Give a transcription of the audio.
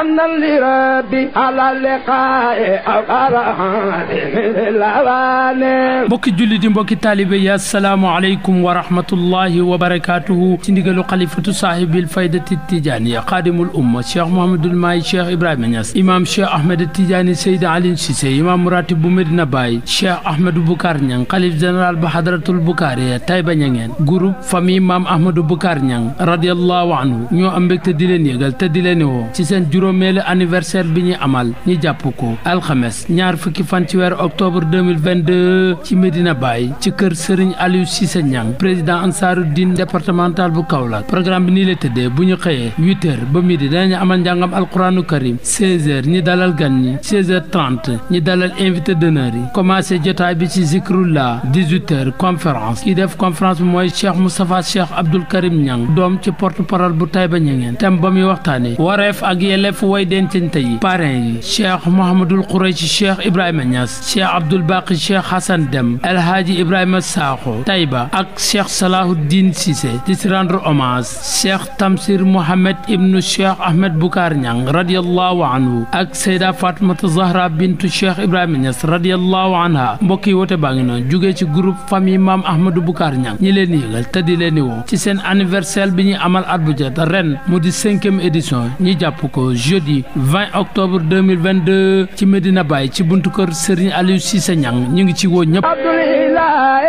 حنا لربي على اللقاء أو أرحام من mbokki julli di mbokki taalibe yi asalaamaaleykum wa rahmatullahi wa barakaatuhu ci ndigalu xalifatu saahibil faydati tijaaniya xaadimul umma cheikh Mouhamadul Maay cheikh Ibrahima Niass imaam cheikh Ahmed Tidiane Seydi Alioune Cissé imaam ratib bu Medina Baye cheikh Ahmadou Boucar Niang xalif général ba hadratul Boucaria Taïba Niangeen groupe famille maam Ahmadou Boucar Niang radiyallahu anhu ñoo am mbégte di leen yëgal te di leen woo ci seen juróom juróomeelu anniversaire bi ñu amal ñu jàpp ko alxames ñaar fukki fan ci weer octobre 2022 ci médina bàyyi ci kër Serigne Aliou Cissé Niang président ansaaru diin départemental bu Kaolack programme bi nii la tëddee bu ñu xëyee 8 heures ba midi danañu amal njàngam alquranu karim 16 heures ñi dalal gan ñi 16 heures 30 ñi dalal invité d'honneur yi commencé jotaay bi ci zikrullah 18 heures conférence ki def conférence bi mooy Cheikh Moustapha Cheikh Abdoul Karim ñang doom ci porte parole bu Taïba Niangeen thème ba muy waxtaanee fu way dencante yi parrain yi cheikh mouhamadul qouraychi cheikh ibrahima Niass cheikh abdoul baqi cheikh hasan dem alhaaji ibrahima Sakho Taïba ak cheikh salahuddin Cissé di si rendre hommage cheikh tamsir mohamed ibnu cheikh ahmed Boukar Niang radiallahu anhu ak sayda fatmata zahra bintu cheikh ibrahima Niass radiallahu anha mbokk yi wote baa ngi noonu jógee ci groupe famille maam ahmadou Boukar Niang ñi leen yëgal te di leen woo ci seen anniversaire bi ñuy amal at bu jot ren mu di cinquième édition ñi jàpp ko jeudi 20 octobre 2022 ci Medina Baye ci buntu kër Serigne Aliou Cissé Niang ñu ngi ci woo ñëpp. Abdoulaye